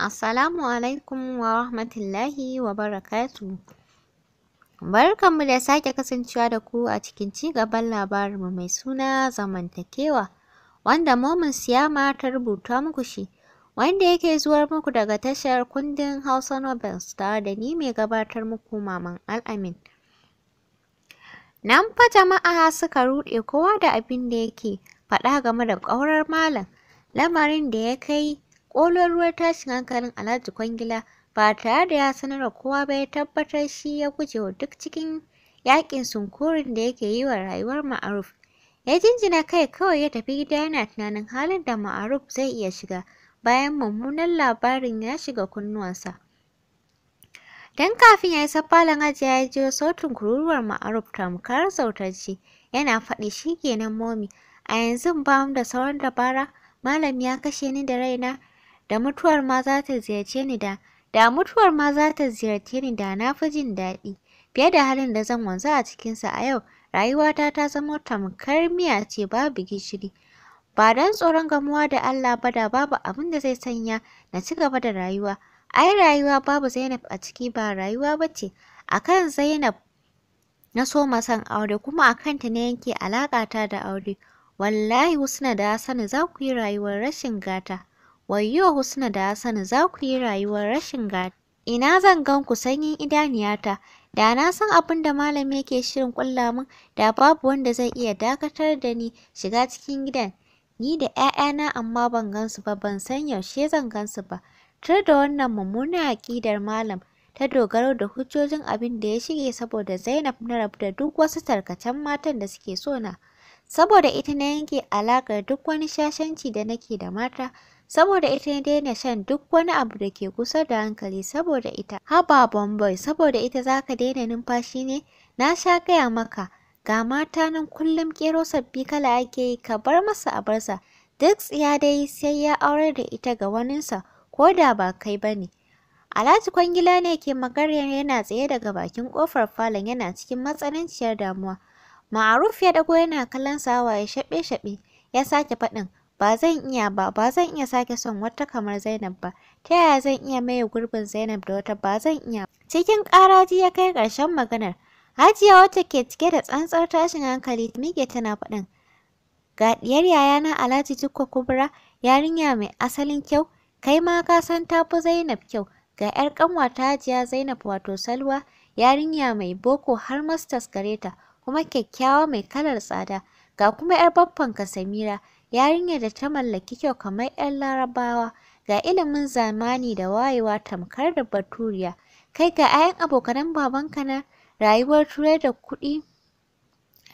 Assalamu alaikum wa rahmatullahi wa barakatu. Barkanmu da sake kasancewa da ku a cikin ci gaban labarin labarinmu mai suna zamantakewa, wanda Momin Siyama ta rubuta muku shi, wanda yake zuwar muku daga tashar kundin Hausa Nobels tare da ni mai gabatar muku Maman Al'amin. Nan fa jama'a suka ruɗe kowa da abin da yake faɗa game da ƙaurar malam, lamarin da ya kai ƙolon ta tashin hankalin Alhaji Kwangila ba tare da ya sanar da kowa ba ya tabbatar shi ya guje wa duk cikin yaƙin sunkurin da yake yi wa rayuwar Ma'aruf. Ya jinjina kai kawai ya tafi gida yana tunanin halin da Ma'aruf zai iya shiga bayan mummunan labarin ya shiga kunnuwansa. Dan kafin ya yi falon ajiya ya jiyo sautin kururuwar Ma'aruf tamkar sautarci yana faɗi shi kenan momi a yanzu ba mu da sauran dabara malam ya kashe ni da raina da mutuwar ma za ta ziyarce ni da da mutuwar ma za ta ziyarce ni da na fi jin daɗi fiye da halin da zan wanzu a cikinsa a yau rayuwata ta zama tamkar miya ce babu gishiri ba don tsoron gamuwa da Allah ba da babu abin da zai sanya na ci gaba da rayuwa ai rayuwa babu Zainab a ciki ba rayuwa ba ce akan Zainab na soma san aure kuma a kanta na yanke alaƙata da aure wallahi Husna da sani za ku yi rayuwar rashin gata Wayyo Husna da Hassan za ku yi rayuwar rashin gadi. Ina zan gan ku sanyin idaniyata, da na san abin da malami yake shirin kulla min, da babu wanda zai iya dakatar da ni shiga cikin gidan. Ni da ‘ya'yana amma ban gansu ba, ban san yaushe zan gansu ba. Tur da wannan mummunar aƙidar malam ta dogaro da hujjojin abin da ya shige saboda Zainab na rabu da duk wasu tarkacen matan da suke so na. Saboda ita na yanke alaƙar duk wani shashanci da nake da mata. saboda ita ya daina shan duk wani abu da ke kusa da hankali saboda ita haba bombay saboda ita za ka daina numfashi ne na sha gaya maka ga mata nan kullum kero sabbi kala ake yi ka bar masa a barsa duk tsiya dai sai ya aurar da ita ga waninsa ko da ba kai ba ne? Alhaji Kwangila ne ke magarya yana tsaye daga bakin kofar falon yana cikin matsananciyar damuwa. Ma'aruf ya dago yana kallon sawa ya shaɓe-shaɓe ya sake faɗin Ba zan iya ba, ba zan iya sake son wata kamar Zainab ba. Ta yaya zan iya maye gurbin Zainab da wata ba zan iya Cikin ƙaraji ya kai karshen maganar. Hajiya wata ke cike da tsantsar tashin hankali ta miƙe tana faɗin. Ga ɗiyar yayana Alhaji Jikko Kubra, yarinya mai asalin kyau, kai ma ka san ta Zainab kyau. Ga 'yar ta Hajiya Zainab wato Salwa, yarinya mai boko har masters gare ta, kuma kyakkyawa mai kalar tsada. Ga kuma 'yar ka Samira, yarinyar da ta mallaki kyau kamar 'yan larabawa ga ilimin zamani da wayewa tamkar da baturiya kai ga 'ya'yan abokanan babanka na rayuwar turai da kuɗi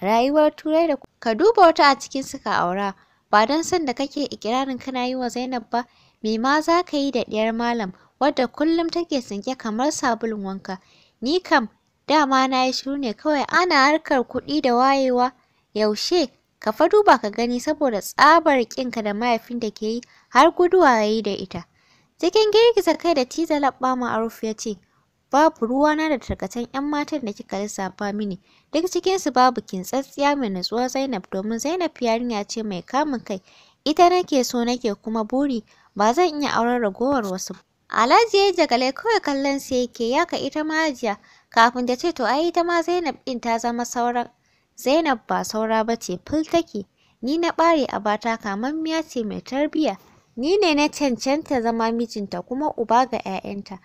rayuwar turai da ka duba wata a cikin suka aura ba don sanda da kake ikirarin kana yi wa zainab ba me ma za ka yi da ɗiyar malam wadda kullum take sinke kamar sabulun wanka ni kam dama na yi shiru ne kawai ana harkar kuɗi da wayewa yaushe ka fa duba ka gani saboda tsabar ƙinka da mahaifin da ke yi har guduwa ya yi da ita. Cikin girgiza kai da tiza labba ma'aruf ya ce, Babu ruwana da tarkacen 'yan matan da kika lissafa mini, duk cikinsu babu kintsatsiya mai natsuwar Zainab domin Zainab yarinya ce mai kamun kai, ita nake so nake kuma buri ba zan iya auren ragowar wasu. Alhaji ya jagale kawai kallon sai yake yaka ita ma kafin da ce to ai ita ma Zainab ɗin ta zama sauran Zainab ba saura ba ce ful take, ni na ɓare a bata kamammiya ce mai tarbiyya, ni ne na cancanta zama mijinta kuma uba ga 'ya'yanta.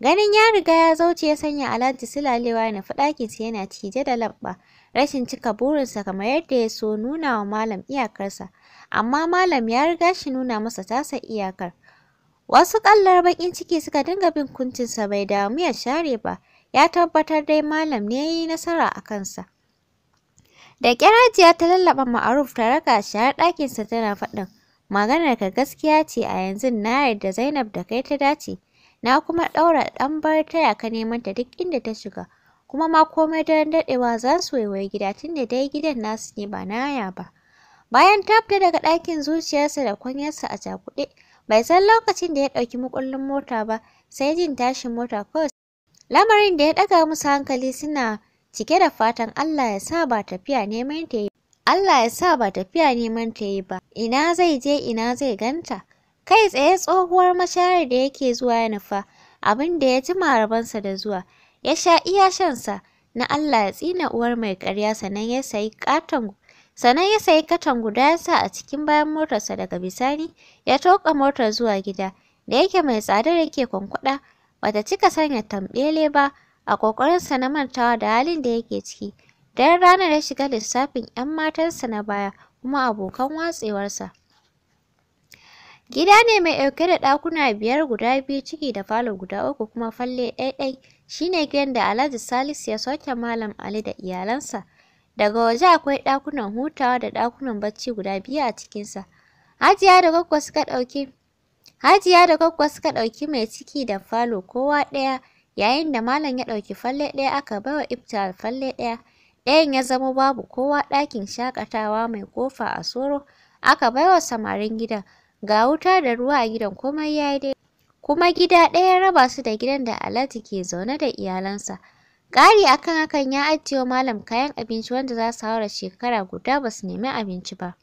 Ganin ya riga ya zauce ya sanya Alhaji silalewa na ɗakinsa yana cije da labba, rashin cika burinsa kamar yadda ya so nuna wa malam iyakarsa, amma malam ya riga shi nuna masa tasa iyakar. Wasu ƙallar baƙin ciki suka dinga bin kuncinsa bai damu ya share ba, ya tabbatar dai malam ne ya yi nasara a kansa. Da ƙyarajiya ta lallaɓa ma'aruf ta raka shi har ɗakinsa tana faɗin. Maganar ka gaskiya ce a yanzu na yarda Zainab da kai ta dace. Na kuma ɗaura ɗan bar taya ka neman ta duk inda ta shiga. Kuma ma komai daren daɗewa za su waiwayi gida da dai gidan nasu ne ba na naya ba. Bayan ta fita daga ɗakin zuciyarsa da kwanyarsa a cakuɗe, bai san lokacin da ya ɗauki makullin mota ba, sai jin tashin mota kawai. Lamarin da ya ɗaga musu hankali suna cike da fatan Allah ya sa ba tafiya neman ta yi Allah ya sa ba tafiya neman ta yi ba ina zai je ina zai ganta kai tsaye tsohuwar mashayar da yake zuwa ya nufa abin da ya ci marabansa da zuwa ya sha iya shansa na Allah ya tsina uwar mai ƙarya sannan ya sayi katon sannan ya sayi katon guda ya sa a cikin bayan motarsa daga bisani ya toka motar zuwa gida da yake mai tsada yake kwankwada bata cika sanya tambele ba a ƙoƙarinsa na mantawa da halin da yake ciki. Dan ranar ya shiga lissafin 'yan matansa na baya kuma abokan watsewarsa. Gida ne mai ɗauke da ɗakuna biyar guda biyu ciki da falo guda uku kuma falle ɗai-ɗai shi ne gidan da Alhaji Salisu ya soke Malam Ali da iyalansa. Daga waje akwai ɗakunan hutawa da ɗakunan bacci guda biyu a cikinsa. Hajiya da Gwaggo suka ɗauki Hajiya da Gwaggo suka ɗauki mai ciki da falo kowa ɗaya yayin da malam ya ɗauki falle ɗaya aka baiwa iftar falle ɗaya ɗayan ya zama babu kowa ɗakin shakatawa mai kofa a soro aka baiwa samarin gidan ga wuta da ruwa a gidan komai ya dai kuma gida ɗaya raba su da gidan da Alhaji ke zaune da iyalansa ƙari akan hakan ya ajiye malam kayan abinci wanda za su haura shekara guda ba su nemi abinci ba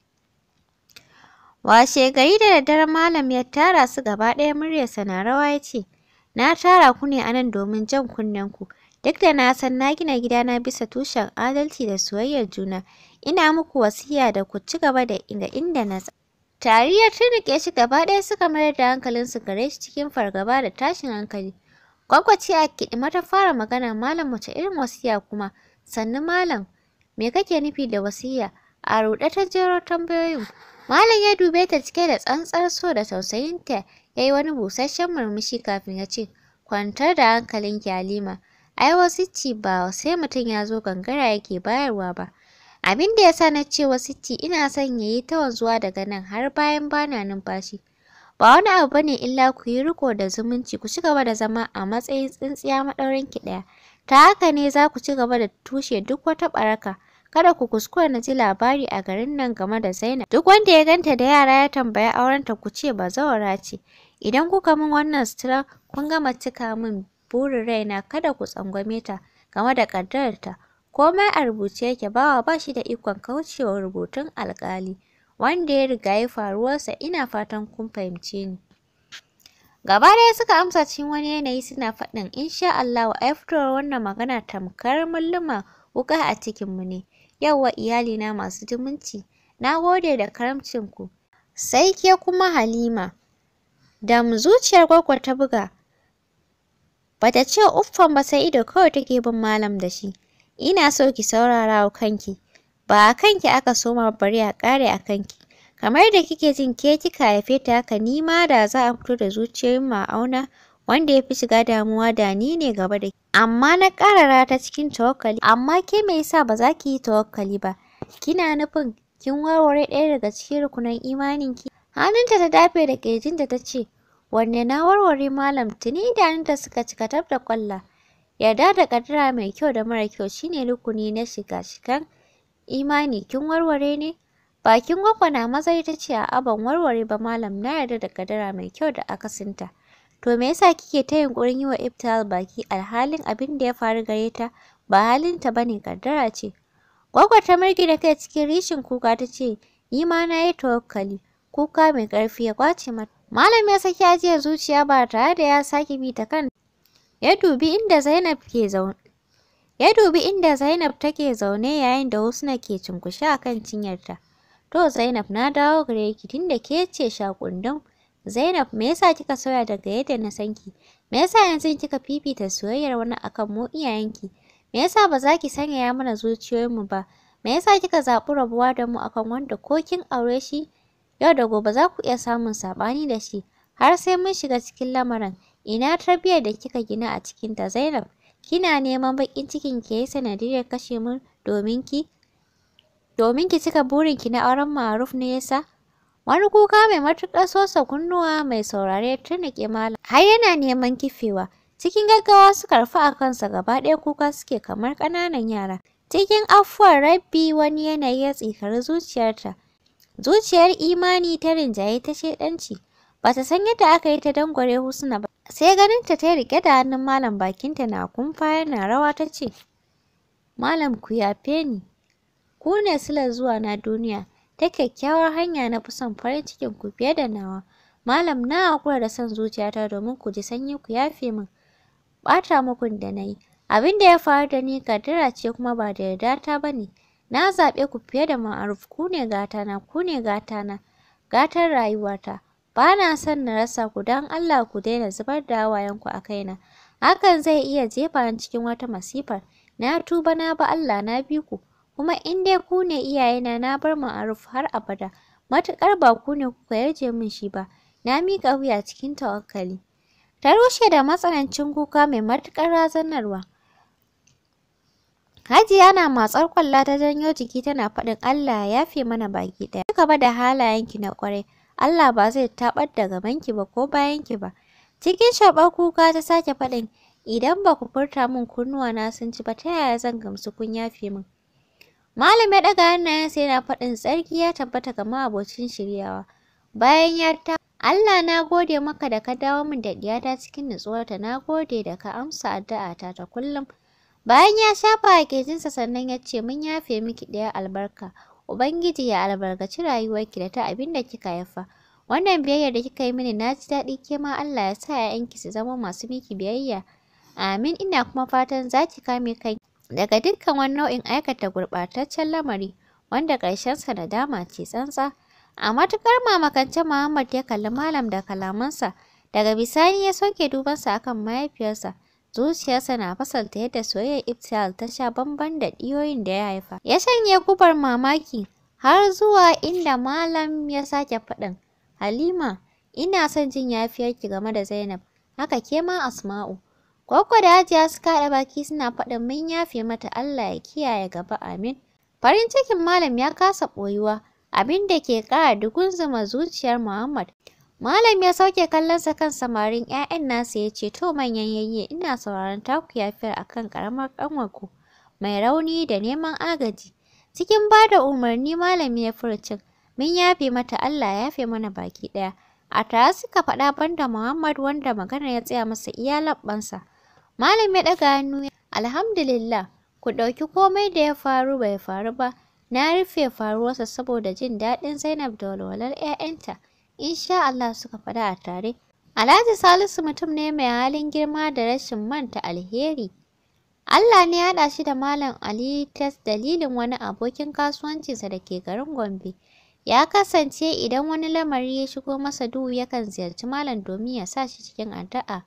washe gari da daddare malam ya tara su gaba ɗaya muryarsa na rawa ya ce Na tara ku ne anan domin jan kunnen-ku. Duk da na san na gina gidana bisa tushen adalci da soyayyar juna, ina muku wasiya da ku ci gaba da inda inda na Tari ya tunike shi gaba ɗaya suka mayar da hankalinsu gare shi cikin fargaba da tashin hankali. Gwagwace a kiɗi mata fara magana malam mace irin wasiya kuma, sannu malam, me kake nufi da wasiya? A ruɗe ta jero tambayoyin. Malam ya dube ta cike da tsantsar so da tausayin ta. ya yi wani busasshen murmushi kafin ya ce kwantar da hankalinki halima ai wasicci ba sai mutum ya zo gangara yake bayarwa ba abin da ya sa na ce wasicci ina son ya yi ta wanzuwa daga nan har bayan bana numfashi ba wani abu bane illa ku yi riko da zumunci ku ci gaba da zama a matsayin tsintsiya maɗaurin ki ɗaya ta haka ne za ku ci gaba da tushe duk wata ɓaraka Kada ku kuskura na ji labari a garin nan game da Zainab. Duk wanda ya ganta da yara ya tambaya aurenta ku ce ba zawara ce. Idan kuka min wannan sutura kun gama cika min burin raina kada ku tsangwame ta game da ta. Komai a rubuce yake bawa ba shi da ikon kaucewa rubutun alƙali. Wanda ya riga ya faruwarsa ina fatan kun fahimce ni. Gaba ɗaya suka amsa cikin wani yanayi suna faɗin insha Allah wa fitowar wannan magana tamkar mulluma wuƙa a cikinmu ne. yauwa iyalina masu zumunci na gode da ku. sai ke kuma halima mu zuciyar gwaggwa ta buga bata ce uffan ba sai ido kawai take bin malam da shi ina so ki saurara wa kanki ba a kanki aka soma bari a kare a kanki kamar da kike jin ke kika haife ta haka ni ma da za a fito da zuciyoyin a auna. wanda ya fi shiga damuwa da ni ne gaba da amma na ƙarara rata cikin tawakkali amma ke me yasa ba za ki yi tawakkali ba kina nufin kin warware ɗaya daga cikin rukunan ki? hannunta ta dafe da ƙirjin da ta ce wanne na warware malam tuni idanunta suka cika tab da ƙwalla yarda da ƙaddara mai kyau da mara kyau shine rukuni na shiga shikan imani kin warware ne bakin na maza ta ce a aban warware ba malam na yarda da ƙaddara mai kyau da akasinta to me yasa kike ta yunkurin yi wa Iftal baki alhalin abin da ya faru gare ta ba halin ta bane kaddara ce Gwagwa ta da kai cikin rishin kuka ta ce yi ma na yi tawakkali kuka mai ƙarfi ya kwace mata malam ya saki ajiyar zuciya ba tare da ya sake bi ta kan ya dubi inda Zainab ke zaune ya dubi inda Zainab take zaune yayin da Husna ke cunkushe akan cinyarta to Zainab na dawo gare ki tunda ke ce shakundun Zainab me yasa kika sauya daga yadda na san ki? Me yasa yanzu kika fifita soyayyar wani akan mu iyayenki? Me yasa ba za ki sanyaya mana zuciyoyinmu ba? Me yasa kika zaɓi rabuwa da mu akan wanda ko kin aure shi yau da gobe za ku iya samun saɓani da shi har sai mun shiga cikin lamarin. Ina tarbiyyar da kika gina a cikin ta Zainab? Kina neman baƙin cikin ki yayi sanadiyyar kashe mu domin ki domin ki cika burin ki na auren Ma'aruf ne yasa? Wani kuka mai matuƙar sosa kunnuwa mai saurare ya malam har yana neman kifewa. Cikin gaggawa suka rufe a kansa gaba ɗaya kuka suke kamar ƙananan yara. Cikin afuwar rabbi wani yanayi ya tsikari zuciyarta. Zuciyar imani ta rinjaye ta shedanci. Ba ta san yadda aka yi ta dangware Husna ba. Sai ganinta ta riƙe da hannun malam bakinta na kumfa yana rawa ta ce, Malam ku yafe ni, ku ne silar zuwa na duniya. ta kyakkyawar hanya na fi son farin cikin ku fiye da nawa malam na haƙura da son zuciyata domin ku ji sanyi ku yafe min Bata muku da na yi abin da ya faru da ni kaddara ce kuma ba da yarda ta ba ne na zaɓe ku fiye da ma'aruf ku ne gatana ku ne gatana gatar rayuwata ba na son na rasa ku don Allah ku daina zubar da hawayenku a kaina hakan zai iya jefa ni cikin wata masifar na tuba na ba Allah na bi ku kuma in dai ku ne iyayena na bar ma'aruf har abada matuƙar ba ku ne kuka yarje min shi ba na mika wuya cikin tawakkali ta rushe da matsanancin kuka mai matuƙar razanarwa Hajiya na matsar kwalla ta janyo jiki tana faɗin Allah ya yafe mana baki ɗaya. Ki gaba da halayenki na ƙwarai, Allah ba zai taɓar da gabanki ba ko bayanki ba. Cikin shaɓar kuka ta sake faɗin, idan ba ku furta min na sun ci ba ta yaya zan gamsu kun yafe min. Malam ya ɗaga hannayensa yana faɗin tsarki ya tabbata kama abocin shiryawa. Bayan ya ta Allah na gode maka da ka dawo min da ɗiyata cikin ta na gode da ka amsa addu'ata ta kullum. Bayan ya shafa a sannan ya ce mun yafe miki ɗaya albarka. Ubangiji ya albarkaci rayuwarki da ta abin da kika haifa. Wannan biyayyar da kika yi mini na ji daɗi ke ma Allah ya sa ‘ya'yanki su zama masu miki biyayya. Amin ina kuma fatan za ki kame kai. daga dukkan wani nau'in aikata gurɓataccen lamari wanda ƙarshensa dama ce tsantsa. A matukar mamakance Muhammad ya kalli malam da kalamansa, daga bisani ya soke dubansa akan mahaifiyarsa. Zuciyarsa na fasalta yadda soyayyar Iftihar ta sha bamban da ɗiyoyin da ya haifa. Ya shanye gubar mamaki har zuwa inda malam ya sake faɗin, Halima, ina son jin yafiyarki game da Zainab, haka ke ma Asma'u. Gwaggo da Hajiya suka haɗa baki suna faɗin mun yafe mata Allah ya kiyaye gaba amin. Farin cikin malam ya kasa ɓoyuwa abin da ke ƙara dugunzuma zuciyar Muhammad. Malam ya sauke kallonsa kan samarin 'ya'yan nasa ya ce to manyan yayye ina sauraron taku yafiyar akan ƙaramar ƙanwarku mai rauni da neman agaji. Cikin bada umarni malam ya furcin mun yafe mata Allah ya yafe mana baki ɗaya. A tare suka faɗa banda Muhammad wanda magana ya tsaya masa iya labbansa. Malam ya ɗaga hannu Alhamdulillah, ku ɗauki komai da ya faru bai faru ba. Na rufe faruwarsa saboda jin daɗin Zainab da walwalar 'ya'yanta. Insha Allah suka faɗa a tare. Alhaji Salisu mutum ne mai halin girma da rashin manta alheri. Allah ne ya haɗa shi da Malam Ali ta dalilin wani abokin kasuwancinsa da ke garin Gombe. Ya kasance idan wani lamari ya shigo masa duhu yakan ziyarci Malam domin ya sa shi cikin addu'a.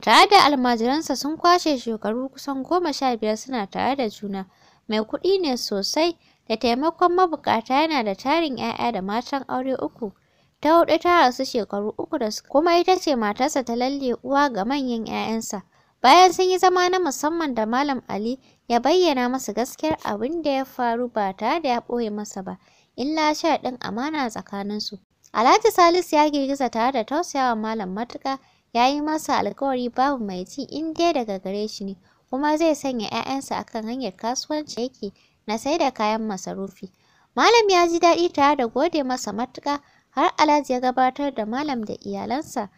Tare da almajiransa sun kwashe shekaru kusan goma sha biyar suna tare da juna. Mai kuɗi ne sosai, da taimakon mabukata yana da tarin 'ya'ya da matan aure uku. Ta hudu ta rasu shekaru uku da su kuma ita ce matarsa ta lalle uwa ga manyan 'ya'yansa. Bayan sun yi zama na musamman da Malam Ali ya bayyana masa gaskiyar abin da ya faru ba tare da ya ɓoye masa ba, illa ɗin amana tsakaninsu. Alhaji Salisu ya girgiza tare da tausayawa Malam matuƙa ya yi masa alkawari babu mai ci in dai daga gare shi ne kuma zai sanya 'ya'yansa akan hanyar kasuwanci yake na sai da kayan masarufi malam ya ji daɗi tare da gode masa matuka. har alhaji ya gabatar da malam da iyalansa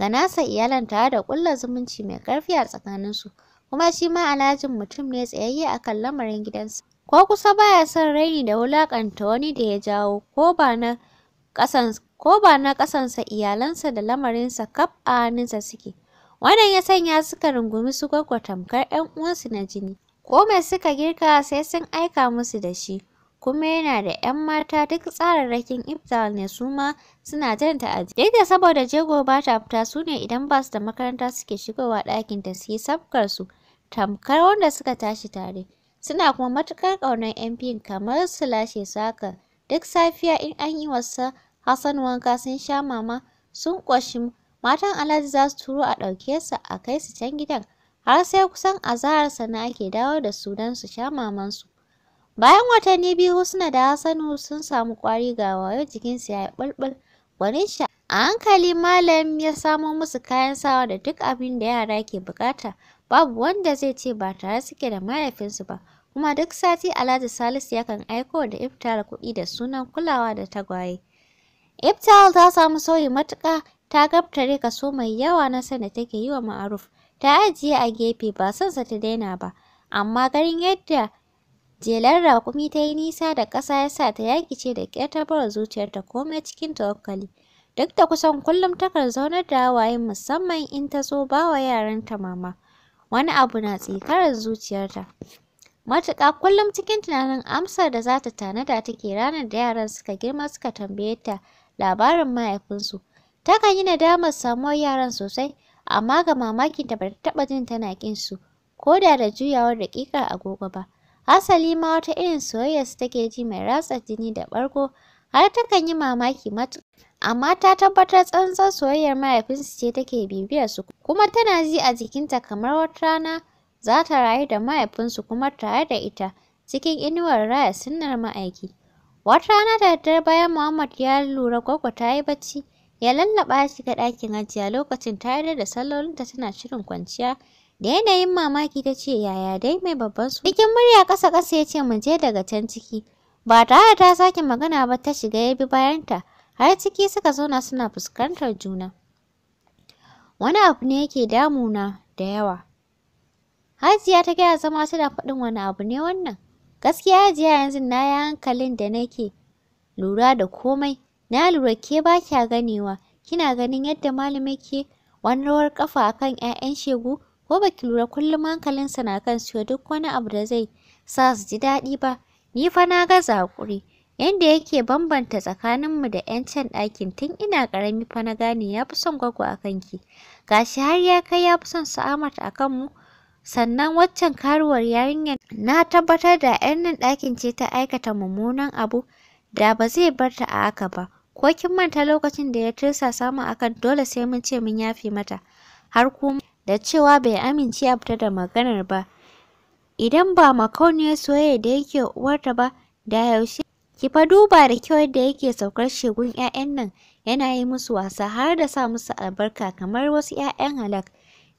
ga nasa iyalan tare da ƙulla zumunci mai ƙarfi a tsakaninsu kuma shi ma alhajin mutum ne tsayayye akan lamarin gidansa ko kusa baya son raini da wulaƙanta wani da ya jawo ko ba na ƙasan ko ba na ƙasansa iyalansa da lamarinsa kaf a hannunsa suke. Wannan ya sanya suka rungumi su gwaggwa tamkar 'yan uwansu na jini. Ko mai suka girka sai sun aika musu da shi. kuma yana da 'yan mata duk tsararrakin iftar ne su ma suna jan ta duk da saboda jego ba ta fita su ne idan ba su da makaranta suke shigowa ɗakin ta su yi sabkar su tamkar wanda suka tashi tare suna kuma matukar ƙaunar yan biyun kamar su lashe su duk safiya in an yi wasa Hassan wanka sun sha mama sun ƙoshi matan Alhaji za su turo a ɗauke su a kai su can gidan har sai kusan azahar sana ake dawo da su don su sha mamansu. Bayan watanni biyu Husna da Hassanu sun samu ƙwari ga wayo jikinsu ya yi ɓulɓul gwanin sha. A hankali malam ya samo musu kayan sawa da duk abin da yara ke bukata babu wanda zai ce ba tare suke da mahaifinsu ba. kuma duk sati Alhaji Salisu yakan aiko da iftar kuɗi da sunan kulawa da tagwaye. Iftal ta samu sauyi matuƙa ta gabtare kaso mai yawa na sanda take yi wa ma'aruf. Ta ajiye a gefe ba son sa ta daina ba, amma garin yadda jelar raƙumi ta yi nisa da ƙasa ya sa ta ce da ƙyar ta bar zuciyarta komai cikin tawakkali. Duk da kusan kullum takan zaunar da hawaye musamman in ta so ba wa yaranta mama. Wani abu na tsikarar zuciyarta. Matuƙa kullum cikin tunanin amsar da za ta tanada take ranar da yaran suka girma suka tambaye ta labarin mahaifinsu. Takan yi nadamar samuwar yaran sosai, amma ga mamakinta ba ta taɓa jin tana ƙin su, ko da da juyawar daƙiƙar agogo ba. Hasali ma wata irin soyayya su take ji mai ratsa jini da ɓargo, har takan yi mamaki matuƙa. Amma ta tabbatar tsantsar soyayyar mahaifinsu ce take bibiyar su, kuma tana ji a jikinta kamar wata rana za ta rayu da mahaifinsu kuma tare da ita cikin inuwar raya sunnar ma'aiki. Wata rana da daddare bayan Muhammad ya lura Gwaggo ta yi bacci, ya lallaɓa ya shiga ɗakin ajiya. lokacin ta yarda da sallolinta tana shirin kwanciya. Da yanayin mamaki ta ce yaya dai mai babban su. Cikin murya ƙasa-ƙasa ya ce mun je daga can ciki. Ba tare ta sake magana ba ta shiga ya bi bayanta har ciki suka zauna suna fuskantar juna. Wani abu ne yake damuna da yawa. Hajiya ta gaya zama da faɗin wani abu ne wannan. Gaskiya jiya yanzu na yi hankalin da nake lura da komai. Na lura ke ba kya ganewa, kina ganin yadda malamai ke wani rawar kafa akan 'ya'yan shegu ko ba ki lura kullum hankalinsa na kan siyo duk wani abu da zai sa su ji daɗi ba. Ni fa na gaza hakuri Yanda yake bambanta tsakaninmu da 'yan can ɗakin tun ina ƙarami fa na gane ya fi son gwaggo a kanki. Gashi har ya kai ya fi son su Ahmad a kanmu. sannan waccan karuwar yarinyar na tabbatar da ‘yan nan ɗakin ce ta aikata mummunan abu da ba zai bar ta a haka ba ko kin manta lokacin da ya tursa samu akan dole sai mun ce mun yafi mata har kuma da cewa bai amince a fita da maganar ba idan ba makauniyar soyayya da yake uwarta ba da yaushe ki fa duba da kyau yadda yake saukar shegun 'ya'yan nan yana yi musu wasa har da sa musu albarka kamar wasu 'ya'yan halak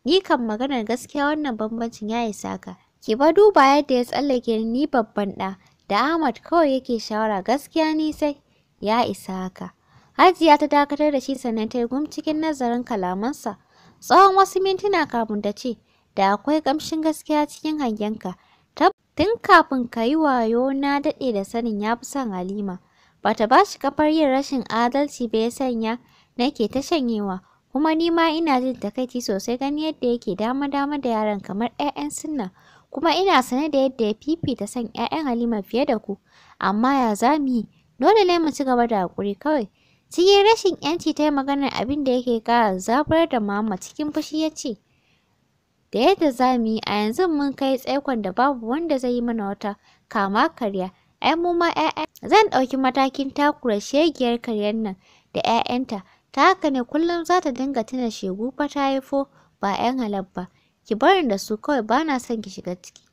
Ni kan maganar gaskiya wannan bambancin ya isa ka. Ki ba duba yadda ya tsallake ni babban ɗa da Ahmad kawai yake shawara gaskiya ni sai ya isa haka. Hajiya ta dakatar da shi sannan ta yi gum cikin nazarin kalamansa. Tsawon wasu mintuna kafin ta ce, da akwai kamshin gaskiya cikin hangenka. Tun kafin ka yi wayo na daɗe da sanin ya fi son Halima. Ba ta ba shi kafar yin rashin adalci ba ya sanya nake ta shanyewa. Kuma ni ma ina jin takaici sosai gani yadda yake dama-dama da yaran kamar 'ya'yan sunna. Kuma ina sane da yadda ya fifita san 'ya'yan Halima fiye da ku. Amma ya za mu yi? Dole ne mu ci gaba da haƙuri kawai. Cikin rashin 'yanci ta yi maganar abin da yake ƙara zabar da mama cikin fushi ya ce, Da yadda za mu yi a yanzu mun kai tsaikon da babu wanda zai yi mana wata kama karya. Ai mu ma Zan ɗauki matakin takura shegiyar karyar nan da 'ya'yanta. ta haka ne kullum za ta dinga tuna shegu fa ta haifo ba 'yan halabba. ki barin da su kawai ba na son ki shiga ciki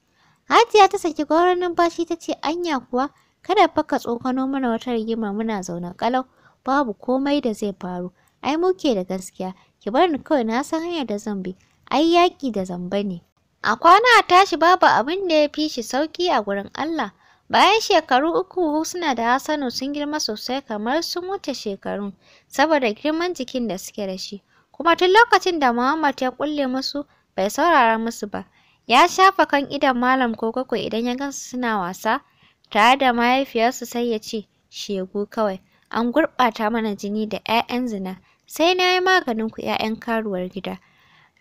hajiya ta saki gauran numfashi ta ce anya kuwa kada fa ka tsokano mana wata rigima muna zaune kalau babu komai da zai faru ai muke da gaskiya ki bar ni kawai na san hanyar da zan bi ai yaƙi da zamba ne a kwana a tashi babu abin da ya fi shi sauƙi a gurin Allah Bayan shekaru uku Husna da Hassanu sun girma sosai kamar sun wuce shekarun saboda girman jikin da suke da shi. Kuma tun lokacin da Muhammad ya kulle musu bai saurara musu ba. Ya shafa kan idon Malam Kokoko idan ya gansu suna wasa tare da mahaifiyarsu sai ya ce shegu kawai an gurɓata mana jini da 'ya'yan zina sai na yi maganin ku 'ya'yan karuwar gida.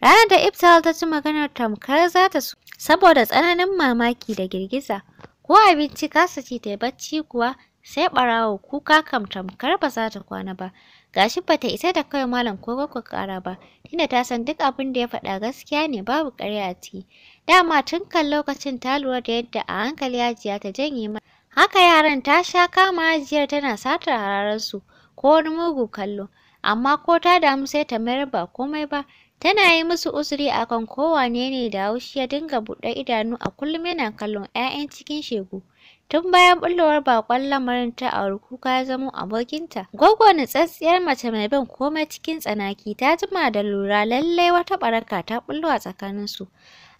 Ranar da Iftal ta ci maganar tamkar za ta saboda tsananin mamaki da girgiza. ko abinci kasa ci ta yi bacci kuwa sai ɓarawo kuka kam tamkar ba za ta kwana ba gashi ba ta isa da kawai malam ko gwagwa ƙara ba tunda ta san duk abin da ya faɗa gaskiya ne babu ƙarya a ciki dama tun kan lokacin ta lura da yadda a hankali yajiya ta janye ma haka yaran ta sha kama hajiyar tana satar hararansu ko wani mugu kallo amma ko ta damu sai ta mayar ba komai ba Tana yi musu uzuri akan kowane ne da haushi ya dinga buɗe idanu a kullum yana kallon 'ya'yan cikin shegu. Tun bayan bullowar bakon lamarin ta auri kuka ya zamo abokinta. Gwaggo natsatsiyar mace mai bin komai cikin tsanaki ta jima da lura lallai wata ɓaraka ta ɓullo a tsakaninsu.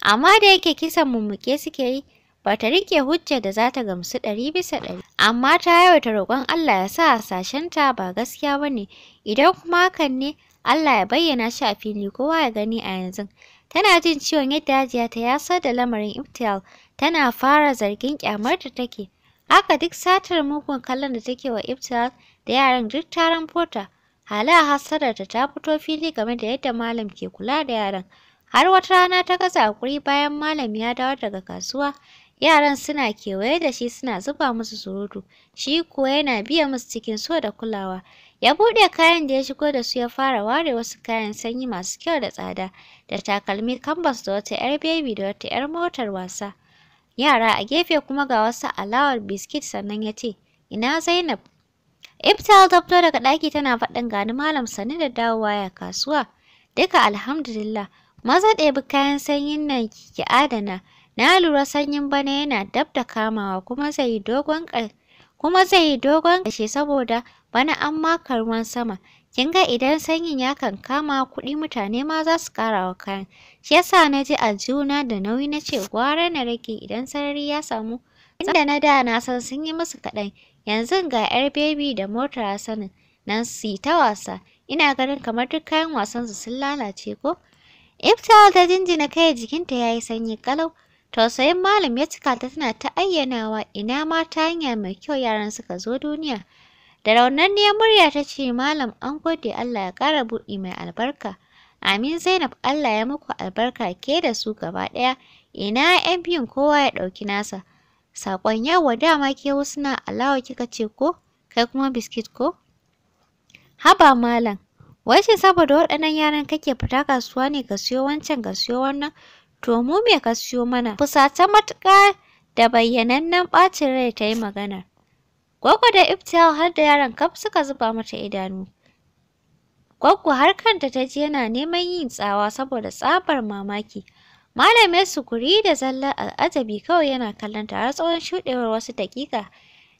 Amma da yake kisan mummuke suke yi, ba ta rike hujja da za ta gamsu ɗari bisa ɗari. Amma ta yawaita roƙon Allah ya sa hasashenta ba gaskiya ba ne, idan kuma hakan ne Allah ya bayyana shi a fili kowa ya gani a yanzu. Tana jin ciwon yadda Hajiya ta yasar da lamarin Iftial, tana fara zargin kyamar da take. Haka duk satar mugun kallon da take wa Iftial da yaran duk taron fota. Hala hasadarta ta fito fili game da yadda malam ke kula da yaran. Har wata rana ta gaza hakuri bayan malam ya dawo daga kasuwa, Yaran suna kewaye da shi suna zuba musu surutu, shi kuwa yana biya musu cikin so da kulawa. Ya buɗe kayan da ya shigo da su ya fara ware wasu kayan sanyi masu kyau da tsada, da takalmi kambas da wata 'yar bebi da wata 'yar motar wasa. Yara a gefe kuma ga wasu alawar biskit sannan ya ce, Ina Zainab? Iftal ta daga ɗaki tana faɗin gani malam sani da dawowa ya kasuwa. Duka alhamdulillah, maza ɗebi kayan sanyin nan ki adana. Na lura sanyin bana yana dab da kamawa kuma zai yi dogon kuma zai dogon ƙarshe saboda bana an maka ruwan sama. Kin ga idan sanyin ya kan kama kuɗi mutane ma za su ƙara wa kayan. Shi yasa na ji a juna da nauyi na ce gwara na rage idan sarari ya samu. Inda na da na san sun yi musu kaɗan. Yanzu ga 'yar bebi da mota a sanin nan su yi ta wasa. Ina ganin kamar duk kayan wasansu sun lalace ko? Iftar ta jinjina kai jikinta ya yi sanyi ƙalau. Tausayin malam ya cika ta tana ta ayyanawa ina ma ta hanya mai kyau yaran suka zo duniya. Da raunanniyar murya ta ce malam an gode Allah ya kara buɗi mai albarka. Amin Zainab Allah ya muku albarka ke da su gaba ɗaya. Ina ‘yan biyun kowa ya ɗauki nasa. Saƙon yawa dama ke wasu na alawa kika ce ko? Kai kuma biskit ko? Haba malam. Wai shi saboda waɗannan yaran kake fita kasuwa ne ka siyo wancan ga siyo wannan? to mu me ka siyo mana fusata matuƙa da bayyanannen ɓacin rai ta yi magana Gwaggo da Iftial har da yaron kaf suka zuba mata idanu Gwaggo har kanta ta ji yana neman yin tsawa saboda tsabar mamaki Malamin sukuri da zallar al'ajabi kawai yana kallon ta har tsawon shuɗewar wasu daƙiƙa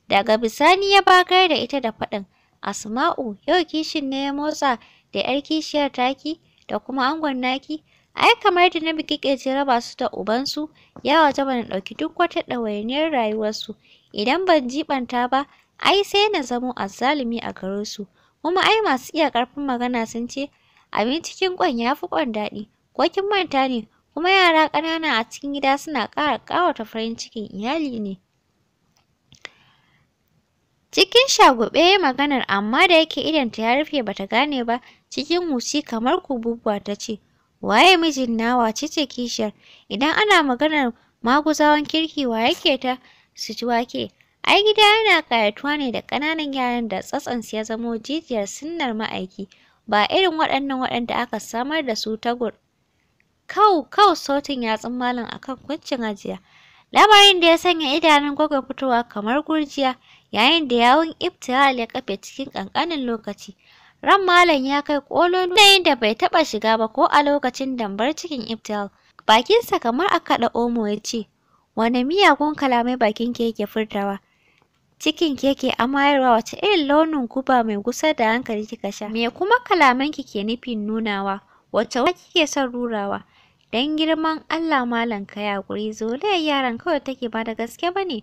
daga bisani ya bakar da ita da faɗin Asma'u yau kishin ne ya motsa da 'yar kishiyar taki da kuma angon naki ai kamar da na biki ƙirji raba su da ubansu ya waje na ɗauki duk wata ɗawainiyar rayuwarsu idan ban jibanta ba ai sai na zamo azzalumi a garinsu kuma ai masu iya ƙarfin magana sun ce abin cikin ƙwan ya fi ƙwan daɗi ko kin manta ne kuma yara ƙanana a cikin gida suna ƙara ƙawata farin cikin iyali ne cikin shagube ya maganar amma da yake ta ya rufe bata gane ba cikin huci kamar kububuwa ta ce waye mijin nawa ce kishiyar idan ana maganar maguzawan kirki wa yake ta su ji wake ai gida yana kayatuwa ne da ƙananan yaran da tsatsansu ya zamo jijiyar sunnar ma'aiki ba irin waɗannan waɗanda aka samar da su ta gur kau kau sautin yatsun malam akan kuncin ajiya Labarin da ya sanya idanun gwagwa fitowa kamar gurjiya yayin da yawon iftihal ya kafe cikin ƙanƙanin lokaci ran malam ya kai kololu da bai taɓa shiga ba ko a lokacin dambar cikin iftal bakinsa kamar a kaɗa omo ya ce wane miyagun kalamai bakin ke yake furtawa cikin keke amayarwa wace irin launin guba mai gusar da hankali kika sha me kuma ki ke nufin nunawa wace wa kike son rurawa dan girman Allah malam ka ya guri zolaya yaran kawai take ba da gaske bane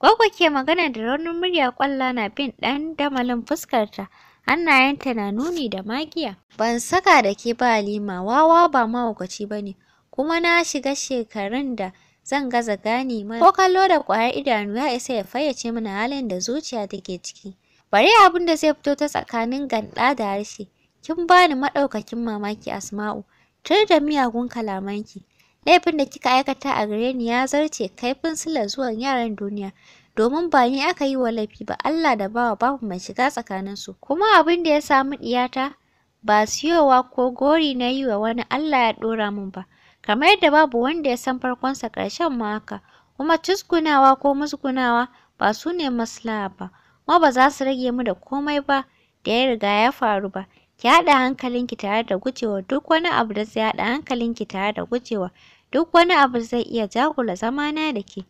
gwagwa ke magana da raunin murya kwalla na bin dan damalin fuskarta hannayenta na nuni da magiya. Ban saka da ke ba Halima wawa ba mahaukaci ba ne, kuma na shiga shekarun da zan gaza gane mana. Ko kallo da ƙwayar idanu ya isa ya fayyace mana halin da zuciya take ciki. Bari abin da zai fito ta tsakanin ganda da harshe. Kin bani maɗaukakin mamaki Asma'u, tun da miyagun kalamanki. Laifin da kika aikata a gare ni ya zarce kaifin sila zuwan yaran duniya. domin ba ni aka yi wa laifi ba Allah da bawa babu mai shiga tsakaninsu kuma abin da ya samu ɗiyata ba siyowa ko gori na yi wa wani Allah ya ɗora min ba kamar yadda babu wanda ya san farkonsa ƙarshen ma haka kuma tusgunawa ko musgunawa ba su ne maslaha ba kuma ba za su rage mu da komai ba da ya riga ya faru ba ki haɗa hankalinki tare da gujewa duk wani abu da zai haɗa hankalinki tare da gujewa duk wani abu zai iya jagula zamana da ke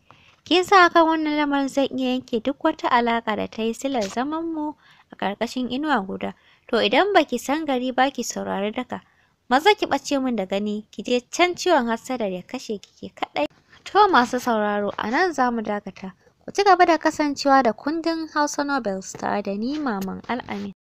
Ke sa haka wannan lamarin zan iya yanke duk wata alaƙa da ta yi silar zaman mu a ƙarƙashin inuwa guda. To idan baki san gari baki saurari daka. Maza ki ɓace min da gani, ki je can ciwon hassadar ya kashe kike ke kaɗai. To masu sauraro, a nan za mu dakata. Ku ci gaba da kasancewa da kundin Hausa Nobels tare da ni Maman Al'amin.